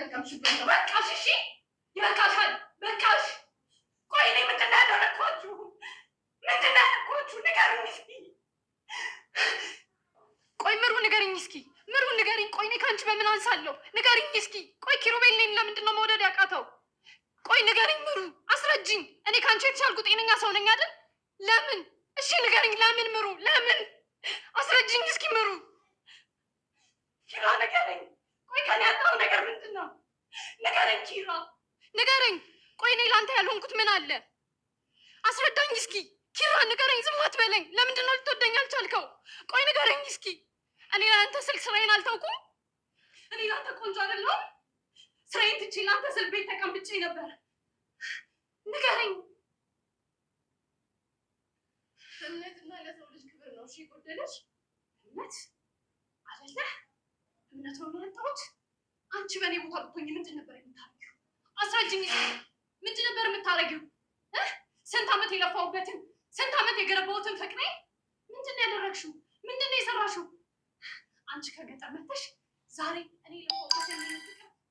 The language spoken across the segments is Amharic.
እየተጠቀምሽበት ነው። በቃሽ፣ እሺ፣ ይበቃሻል። በቃሽ። ቆይ እኔ ምንድን ነው ምንድን ነው ንገሩኝ እስኪ። ቆይ ምሩ ንገርኝ እስኪ፣ ምሩ ንገርኝ። ቆይ እኔ ከአንቺ በምን አንሳለሁ? ንገርኝ እስኪ። ቆይ ኪሩቤል እኔን ለምንድን ነው መውደድ ያቃተው? ቆይ ንገርኝ ምሩ፣ አስረጅኝ። እኔ ከአንቺ የተሻልኩ ጤነኛ ሰው ነኝ አይደል? ለምን? እሺ ንገርኝ። ለምን ምሩ? ለምን? አስረጅኝ እስኪ ምሩ። ካልሆንኩት ምን አለ? አስረዳኝ እስኪ ኪራ፣ ንገረኝ። ዝም አትበለኝ። ለምንድን ነው ልትወደኝ አልቻልከው? ቆይ ንገረኝ እስኪ። እኔ ለአንተ ስልክ ስራዬን አልተውኩም። እኔ ለአንተ ቆንጆ አይደለሁም? ስራዬን ትቼ ለአንተ ስል ቤት ተቀምጬ ነበር። ንገረኝ። እምነትና ለሰው ልጅ ክብር ነው እሺ የጎደለሽ? እምነት አለለ እምነት ነው የሚያጣሁት። አንቺ በእኔ ቦታ ብትሆኚ ምንድን ነበር የምታደርጊው? አስረጅኝ እስኪ ምንድ ነበር የምታረጊው? ስንት ዓመት የለፋሁበትን ስንት ዓመት የገነባሁትን ፍቅሬ ምንድን ነው ያደረግሽው? ምንድን ነው የሰራሽው? አንቺ ከገጠር መጥተሽ ዛሬ እኔ ለፋሁበትን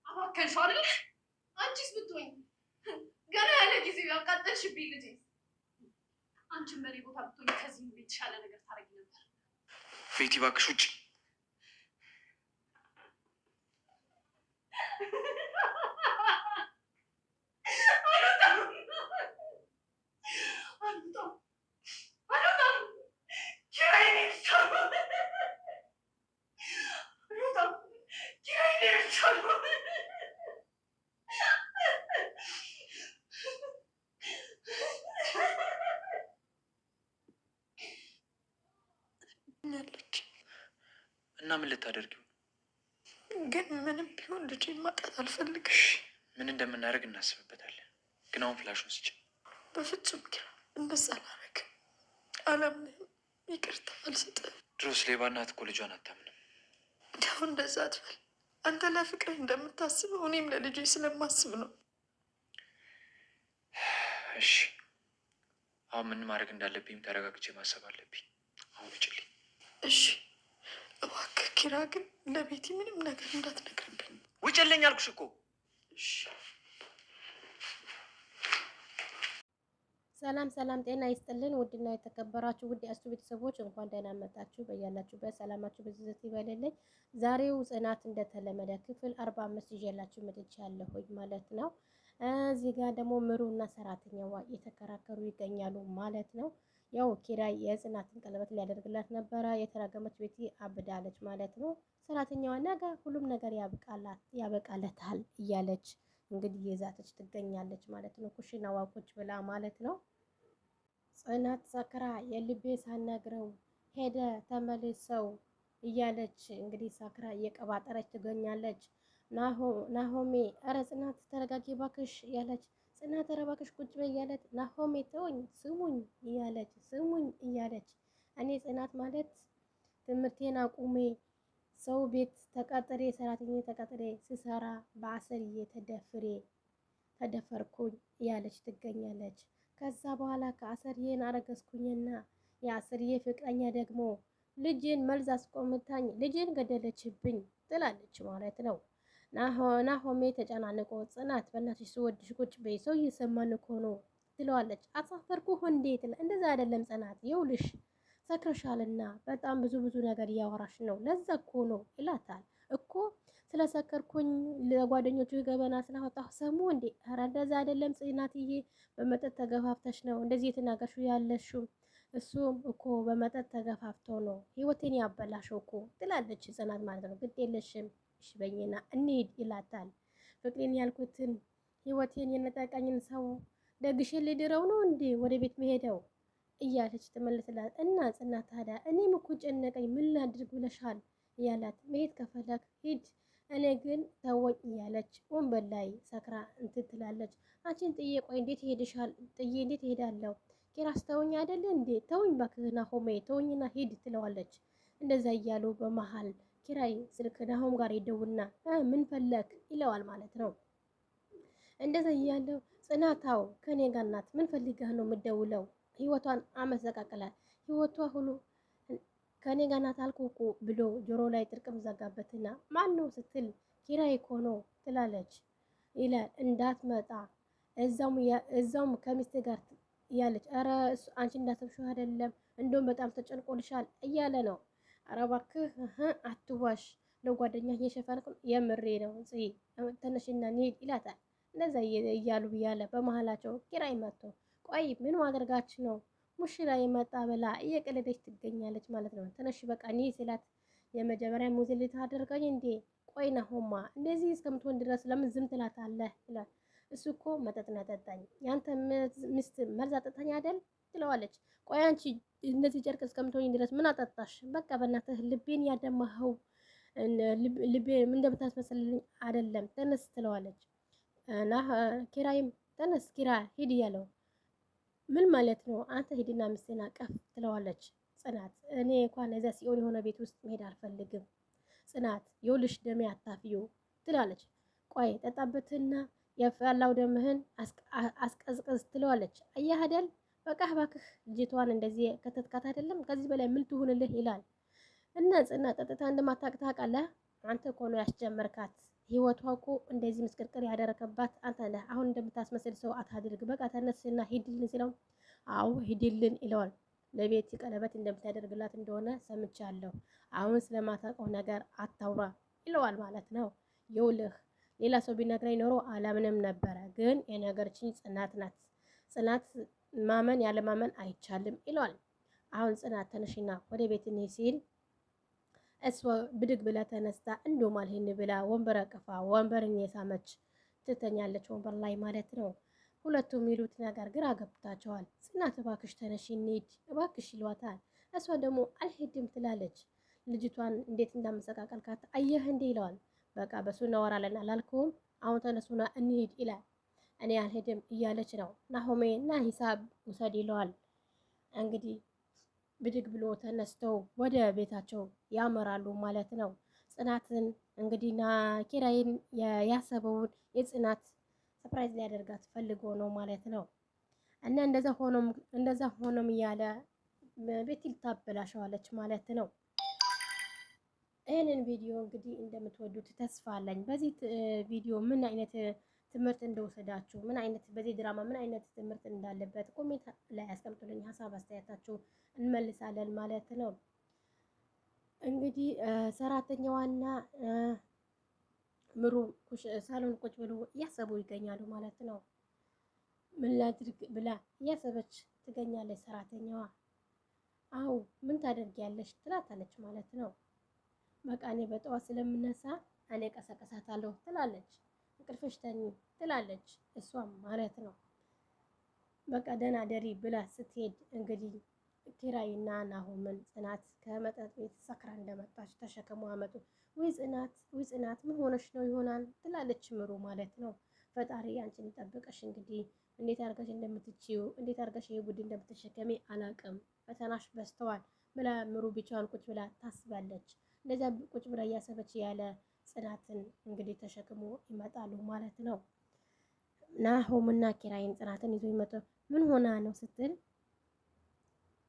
አባከንሽው አይደለ? አንቺስ ብትሆኝ ገና ያለ ጊዜ ያቃጠልሽብኝ ልጄ። አንቺን በእኔ ቦታ ብትሆኝ ከዚህ የተሻለ ነገር ታደርጊ ነበር። ቤቲ እባክሽ ውጭ እና ምን ልታደርጊው? ግን ምንም ቢሆን ልጅ ማጣት አልፈልግሽ። ምን እንደምናደርግ እናስብበታለን። ግን አሁን ፍላሹን ስጭ። በፍጹም ኪራ፣ እንደዛ አላደርግም። አላምንም። ይቅርታ አልሰጥም። ድሮስ ሌባ እናት እኮ ልጇን አታምንም። እንዲያው እንደዛ አትበል። አንተ ለፍቅር እንደምታስበው እኔም ለልጅ ስለማስብ ነው። እሺ አሁን ምን ማድረግ እንዳለብኝም ተረጋግቼ ማሰብ አለብኝ። አሁን እጭልኝ። እሺ እባክህ ኪራ ግን ለቤቲ ምንም ነገር እንዳትነግርብኝ። ውጭልኝ አልኩሽ እኮ። ሰላም ሰላም፣ ጤና ይስጥልን ውድና የተከበራችሁ ውድ እሱ ቤተሰቦች እንኳን ደህና መጣችሁ። በያላችሁበት ሰላማችሁ በዝዝት ይበልልኝ። ዛሬው ጽናት እንደተለመደ ክፍል አርባ አምስት ይዤላችሁ መጥቻለሁኝ ማለት ነው። እዚህ ጋር ደግሞ ምሩና ሰራተኛዋ እየተከራከሩ ይገኛሉ ማለት ነው። ያው ኪራይ የጽናትን ቀለበት ሊያደርግላት ነበረ። የተረገመች ቤቲ አብዳለች ማለት ነው። ሰራተኛዋ ነገ ሁሉም ነገር ያበቃለታል እያለች እንግዲህ የዛተች ትገኛለች ማለት ነው። ኩሽና ቁጭ ብላ ማለት ነው። ጽናት ሰክራ የልቤ ሳነግረው ሄደ ተመልሰው እያለች እንግዲህ ሰክራ እየቀባጠረች ትገኛለች። ናሆሜ እረ ጽናት ተረጋጊ ባክሽ እያለች ጽናት እባክሽ ቁጭ በይ እያለች ናሆሜ ተወኝ ስሙኝ እያለች ስሙኝ እያለች እኔ ጽናት ማለት ትምህርቴን አቁሜ ሰው ቤት ተቀጥሬ ሰራተኛ ተቀጥሬ ስሰራ በአሰርዬ ተደፍሬ ተደፈርኩኝ እያለች ትገኛለች። ከዛ በኋላ ከአሰርዬን አረገዝኩኝና የአሰርዬ ፍቅረኛ ደግሞ ልጅን መልዛስቆምታኝ አስቆምታኝ ልጅን ገደለችብኝ ትላለች ማለት ነው። ናሆሜ ተጨናንቆ ጽናት በእናትሽ ስወድሽ ቁጭ በይ ሰው እየሰማን እኮ ነው ትለዋለች። አሳፈርኩህ እንዴት? እንደዛ አይደለም ጽናት ይኸውልሽ ሰክረሻልና በጣም ብዙ ብዙ ነገር እያወራሽ ነው። ለዛ እኮ ነው ይላታል። እኮ ስለሰከርኩኝ ለጓደኞቹ ገበና ስላወጣሁ ሰሙ እንዴ? ኧረ እንደዛ አይደለም ጽናትዬ፣ በመጠጥ ተገፋፍተሽ ነው እንደዚህ የተናገርሽው ያለሽው። እሱም እኮ በመጠጥ ተገፋፍቶ ነው ህይወቴን ያበላሸው እኮ ትላለች ጽናት ማለት ነው። ግድ የለሽም እሺ በይና እንሂድ ይላታል። ፍቅሬን ያልኩትን ህይወቴን የነጠቀኝን ሰው ደግሼ ልድረው ነው እንዴ ወደ ቤት መሄደው እያለች ትመልስላት እና ጽናት ታዲያ እኔም እኮ ጨነቀኝ ምን ላድርግ ብለሻል እያላት መሄድ ከፈለክ ሂድ እኔ ግን ተወኝ እያለች ወንበር ላይ ሰክራ እንትትላለች ትላለች። አንቺን ጥዬ ቆይ እንዴት ሄድሻል? ጥዬ እንዴት ሄዳለሁ? ቄራስ ተውኝ አይደለ እንዴ ተወኝ ባክህና ሆሜ ተውኝና ሂድ ትለዋለች። እንደዛ እያሉ በመሀል ኪራይ ስልክ ናሆም ጋር ይደውልና ምን ፈለክ ይለዋል ማለት ነው። እንደዛ እያለው ጽናታው ከኔ ጋር ናት። ምን ፈልገህ ነው የምደውለው? ህይወቷን አመሰቃቅላል። ህይወቷ ሁሉ ከኔ ጋር ናት አልኩኩ ብሎ ጆሮ ላይ ጥርቅም ዘጋበትና ማን ነው ስትል ኪራይ እኮ ነው ትላለች። ይላል እንዳትመጣ እዛውም ከሚስት ጋር ያለች ረ አንቺ እንዳሰብሽው አይደለም፣ እንደውም በጣም ተጨንቆልሻል እያለ ነው ኧረ እባክህ አትዋሽ፣ ለጓደኛ እየሸፈንክ የምሬ ነው ፅዬ ተነሽና እንሂድ ይላታል። እንደዛ እያሉ እያለ በመሀላቸው ኪራይ መጥቶ ቆይ ምን አድርጋች ነው? ሙሽራ የመጣ ብላ እየቀለደች ትገኛለች ማለት ነው። ተነሽ በቃ እንሂድ ሲላት የመጀመሪያ ሙዚ ልታደርገኝ እንዴ? ቆይ ናሆማ እንደዚህ እስከምትሆን ድረስ ለምን ዝም ትላታለህ? ይላል። እሱ እኮ መጠጥ ነጠጣኝ፣ ያንተ ሚስት መርዝ አጠጣኝ አይደል ትለዋለች። ቆይ አንቺ እንደዚህ ጨርቅ እስከምትሆኝ ድረስ ምን አጠጣሽ? በቃ በእናትህ ልቤን ያደማኸው ልቤ እንደምታስመስልልኝ አይደለም፣ ተነስ ትለዋለች። እና ኪራይም ተነስ ኪራ ሂድ እያለው ምን ማለት ነው አንተ ሂድና ምስና አቀፍ ትለዋለች። ጽናት እኔ እንኳን እዚያ ሲኦል የሆነ ቤት ውስጥ መሄድ አልፈልግም። ጽናት የውልሽ ደሜ አታፍዩ ትላለች። ቆይ ጠጣበትና የፈላው ደምህን አስቀዝቅዝ ትለዋለች። አያህደል በቃ እባክህ ልጅቷን እንደዚህ ከተትካት አይደለም ከዚህ በላይ ምን ትሁንልህ ይላል። እና ጽና ጠጥታ እንደማታውቅ ታውቃለህ። አንተ እኮ ነው ያስጀመርካት። ህይወቷ እኮ እንደዚህ ምስቅርቅር ያደረከባት አንተ ነህ። አሁን እንደምታስመስል ሰው አታድርግ። በቃ ተነስና ሂድልን ሲለው አዎ ሂድልን ይለዋል። ለቤት ቀለበት እንደምታደርግላት እንደሆነ ሰምቻለሁ። አሁን ስለማታውቀው ነገር አታውራ ይለዋል ማለት ነው። ይውልህ ሌላ ሰው ቢነግረኝ ኖሮ አላምንም ነበረ፣ ግን የነገርችን ጽናት ናት። ጽናት ማመን ያለ ማመን አይቻልም ይለዋል። አሁን ጽናት ተነሽና ወደ ቤት እንሂድ ሲል እሷ ብድግ ብላ ተነስታ እንዲሁም አልሄን ብላ ወንበር አቅፋ ወንበርን የሳመች ትተኛለች፣ ወንበር ላይ ማለት ነው። ሁለቱም የሚሉት ነገር ግራ ገብታቸዋል። ጽናት እባክሽ ተነሽ እንሂድ እባክሽ ይሏታል። እሷ ደግሞ አልሄድም ትላለች። ልጅቷን እንዴት እንዳመሰቃቀልካት አየህ እንዲህ ይለዋል። በቃ በሱ እናወራለን አላልኩም፣ አሁን ተነሱና እንሂድ ይላል። እኔ አልሄድም እያለች ነው። ናሆሜ እና ሂሳብ ውሰድ ይለዋል። እንግዲህ ብድግ ብሎ ተነስተው ወደ ቤታቸው ያመራሉ ማለት ነው። ጽናትን እንግዲህ ና ኪራይን ያሰበውን የጽናት ሰፕራይዝ ሊያደርጋት ፈልጎ ነው ማለት ነው። እና እንደዛ ሆኖም እያለ ቤት ልታበላሸዋለች ማለት ነው። ይህንን ቪዲዮ እንግዲህ እንደምትወዱት ተስፋ አለኝ። በዚህ ቪዲዮ ምን አይነት ትምህርት እንደወሰዳችሁ ምን አይነት በዚህ ድራማ ምን አይነት ትምህርት እንዳለበት ኮሜንት ላይ ያስቀምጡልኝ። ሀሳብ አስተያየታችሁ እንመልሳለን ማለት ነው። እንግዲህ ሰራተኛዋና ምሩ ሳሎን ቁጭ ብሎ እያሰቡ ይገኛሉ ማለት ነው። ምን ላድርግ ብላ እያሰበች ትገኛለች ሰራተኛዋ። አው ምን ታደርጊያለሽ ትላታለች ማለት ነው። በቃ እኔ በጠዋት ስለምነሳ እኔ ቀሰቀሳታለሁ ትላለች። እንቅልፍሽ ተኝ ትላለች። እሷም ማለት ነው በቃ ደህና ደሪ ብላ ስትሄድ እንግዲህ ኪራይና ናሆምን ጽናት ከመጠጥ ቤት ሰክራ እንደመጣች ተሸክሞ አመጡ። ውይ ጽናት፣ ውይ ጽናት ምን ሆነሽ ነው ይሆናል ትላለች ምሩ ማለት ነው። ፈጣሪ አንቺን ይጠብቅሽ። እንግዲህ እንዴት አድርገሽ እንደምትችይው እንዴት አድርገሽ ይሄ ጉድ እንደምትሸከሚ አላቅም። ፈተናሽ በስተዋል ብላ ምሩ ብቻዋን ቁጭ ብላ ታስባለች። እንደዚያ ቁጭ ብላ እያሰበች ያለ ጽናትን እንግዲህ ተሸክሞ ይመጣሉ ማለት ነው። እና ኪራይን ጽናትን ይዞ ይመጡ። ምን ሆና ነው ስትል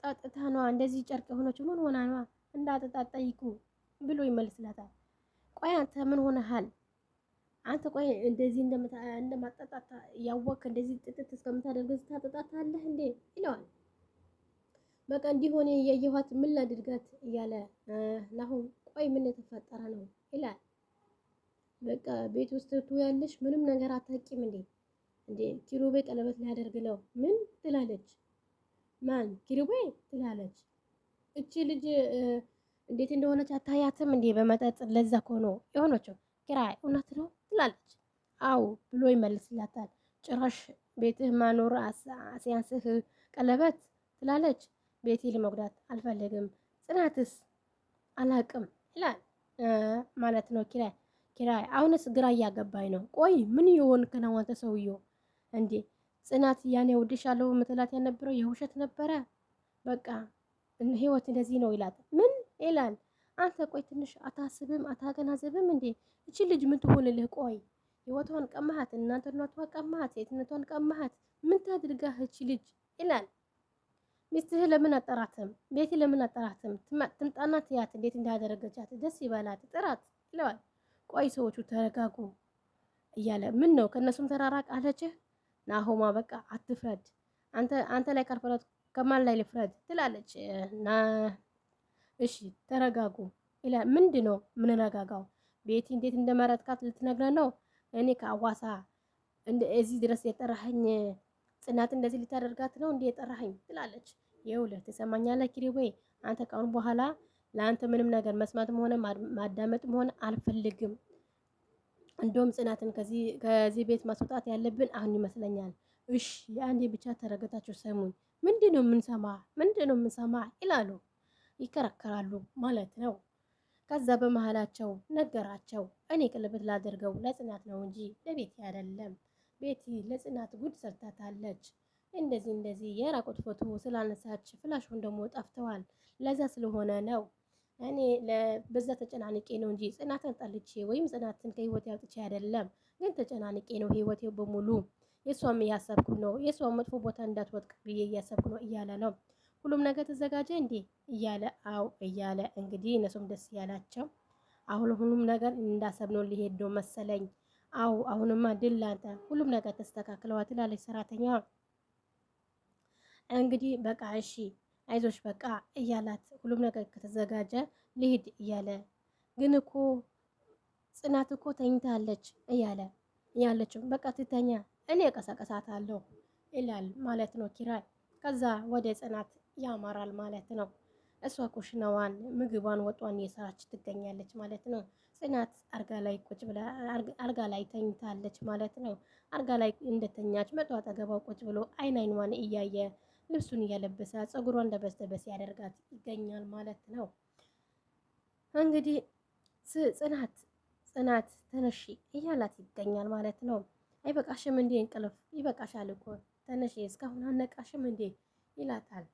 ጠጥታ ነዋ እንደዚህ ጨርቅ የሆነች ምን ሆና ነዋ እንዳጠጣት ጠይቁ ብሎ ይመልስላታል። ቆይ አንተ ምን ሆነሃል? አንተ ቆይ እንደዚህ እንደማጠጣት ያወቅህ እንደዚህ ጥጥት እስከምታደርገው ስታጠጣት እንዴ ይለዋል። በቃ እንዲሆነ የየኋት ምን ላድርጋት እያለ ናሆም ቆይ ምን የተፈጠረ ነው ይላል። በቃ ቤት ውስጥ ትውያለሽ፣ ምንም ነገር አታውቂም እንዴ? እንዴ ኪሩቤ ቀለበት ሊያደርግ ነው። ምን ትላለች? ማን ኪሩቤ ትላለች። እቺ ልጅ እንዴት እንደሆነች አታያትም እንዴ? በመጠጥ ለዛ ከሆነ የሆነችው። ኪራይ እውነት ነው ትላለች። አው ብሎ ይመልስላታል። ጭራሽ ቤትህ ማኖር ሲያንስህ ቀለበት ትላለች። ቤቴ ለመጉዳት አልፈልግም፣ ጽናትስ አላቅም ይላል ማለት ነው ኪራይ ኪራይ አሁንስ ግራ እያገባኝ ነው። ቆይ ምን የሆንክ ነው አንተ ሰውዬው? እንዴ ጽናት ያኔ እወድሻለሁ ምትላት ያልነበረው የውሸት ነበረ። በቃ ህይወት እንደዚህ ነው ይላት። ምን ይላል? አንተ ቆይ ትንሽ አታስብም አታገናዘብም እንዴ? እቺ ልጅ ምን ትሆንልህ? ቆይ ህይወቷን ቀማሃት፣ እናንተነቷን ቀማሃት፣ ሴትነቷን ቀማሃት። ምን ታድርጋህ እቺ ልጅ ይላል። ሚስትህ ለምን አጠራትም? ቤቴ ለምን አጠራትም? ትምጣና ትያት እንዴት እንዳደረገቻት ደስ ይበላት፣ ጥራት ይለዋል። ቆይ ሰዎቹ ተረጋጉ እያለ ምን ነው ከእነሱም ተራራቅ አለችህ። ናሆማ በቃ አትፍረድ፣ አንተ ላይ ካልፈረድ ከማን ላይ ልፍረድ ትላለች። እሺ ተረጋጉ ይላል። ምንድን ነው ምንረጋጋው? ቤቲ እንዴት እንደመረጥካት ልትነግረ ነው? እኔ ከአዋሳ እዚህ ድረስ የጠራኸኝ ጽናት እንደዚህ ልታደርጋት ነው እንዲህ የጠራኸኝ ትላለች። ይኸውልህ ትሰማኛለህ ወይ አንተ ከአሁን በኋላ ለአንተ ምንም ነገር መስማትም ሆነ ማዳመጥም ሆነ አልፈልግም። እንደውም ጽናትን ከዚህ ቤት ማስወጣት ያለብን አሁን ይመስለኛል። እሺ የአንዴ ብቻ ተረጋግታችሁ ሰሙኝ። ምንድን ነው የምንሰማ? ምንድን ነው የምንሰማ? ይላሉ ይከራከራሉ ማለት ነው። ከዛ በመሀላቸው ነገራቸው። እኔ ቅልብት ላደርገው ለጽናት ነው እንጂ ለቤቲ አይደለም። ቤቲ ለጽናት ጉድ ሰርታታለች። እንደዚህ እንደዚህ የራቁት ፎቶ ስላነሳች ፍላሹን ደግሞ ጠፍተዋል። ለዛ ስለሆነ ነው እኔ በዛ ተጨናንቄ ነው እንጂ ጽናትን ጠልቼ ወይም ጽናትን ከህይወቴ አውጥቼ አይደለም። ግን ተጨናንቄ ነው ህይወቴ በሙሉ የእሷም እያሰብኩ ነው የእሷም መጥፎ ቦታ እንዳትወጥቅ ብዬ እያሰብኩ ነው እያለ ነው። ሁሉም ነገር ተዘጋጀ እንዴ እያለ አው እያለ እንግዲህ እነሱም ደስ እያላቸው አሁን ሁሉም ነገር እንዳሰብነው ሊሄድ ነው መሰለኝ። አው አሁንማ ድል ላንተ፣ ሁሉም ነገር ተስተካክለዋ ትላለች ሰራተኛዋ። እንግዲህ በቃ እሺ አይዞች በቃ እያላት ሁሉም ነገር ከተዘጋጀ ልሂድ እያለ ግን እኮ ጽናት እኮ ተኝታለች እያለ እያለችም በቃ ትተኛ እኔ ቀሰቀሳታለሁ ይላል ማለት ነው ኪራይ። ከዛ ወደ ጽናት ያማራል ማለት ነው። እሷ ኩሽናዋን ምግቧን፣ ወጧን እየሰራች ትገኛለች ማለት ነው። ጽናት አልጋ ላይ ቁጭ ብላ አልጋ ላይ ተኝታለች ማለት ነው። አልጋ ላይ እንደተኛች መጥቶ አጠገቧ ቁጭ ብሎ አይን አይኗን እያየ ልብሱን እየለበሰ ፀጉሯን ለበስለበስ ያደርጋት ይገኛል ማለት ነው። እንግዲህ ጽናት ጽናት ተነሺ እያላት ይገኛል ማለት ነው። አይበቃሽም እንዴ እንቅልፍ? ይበቃሻል እኮ ተነሺ፣ እስካሁን አነቃሽም እንዴ ይላታል።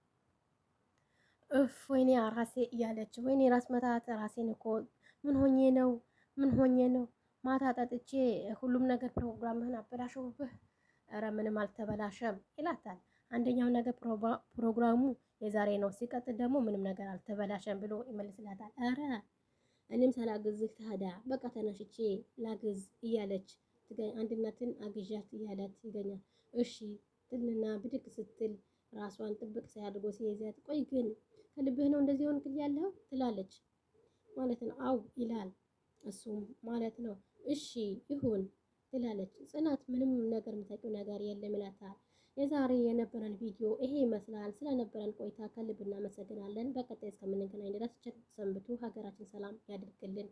እፍ ወይኔ ራሴ እያለች ወይኔ ራስ መታት ራሴን እኮ ምን ሆኜ ነው ምን ሆኜ ነው ማታ ጠጥቼ ሁሉም ነገር ፕሮግራምህን አበላሸውብህ። ኧረ ምንም አልተበላሸም ይላታል። አንደኛው ነገር ፕሮግራሙ የዛሬ ነው፣ ሲቀጥል ደግሞ ምንም ነገር አልተበላሸም ብሎ ይመልስላታል። ኧረ እኔም ሳላግዝህ ታዲያ በቃ ተነሽቼ ላግዝ እያለች አንድነትን አግዣት እያለት ይገኛል። እሺ ትልና ብድግ ስትል ራሷን ጥብቅ ሳያድርጎ ሲይዛት፣ ቆይ ግን ከልብህ ነው እንደዚህ ሆንክ ያለው ትላለች ማለት ነው። አው ይላል እሱም ማለት ነው። እሺ ይሁን ትላለች ጽናት። ምንም ነገር የምታውቂው ነገር የለም ይላታል። የዛሬ የነበረን ቪዲዮ ይሄ ይመስላል። ስለነበረን ቆይታ ከልብ እናመሰግናለን። በቀጣይ እስከምንገናኝ ድረስ ሰንብቱ። ሀገራችን ሰላም ያድርግልን።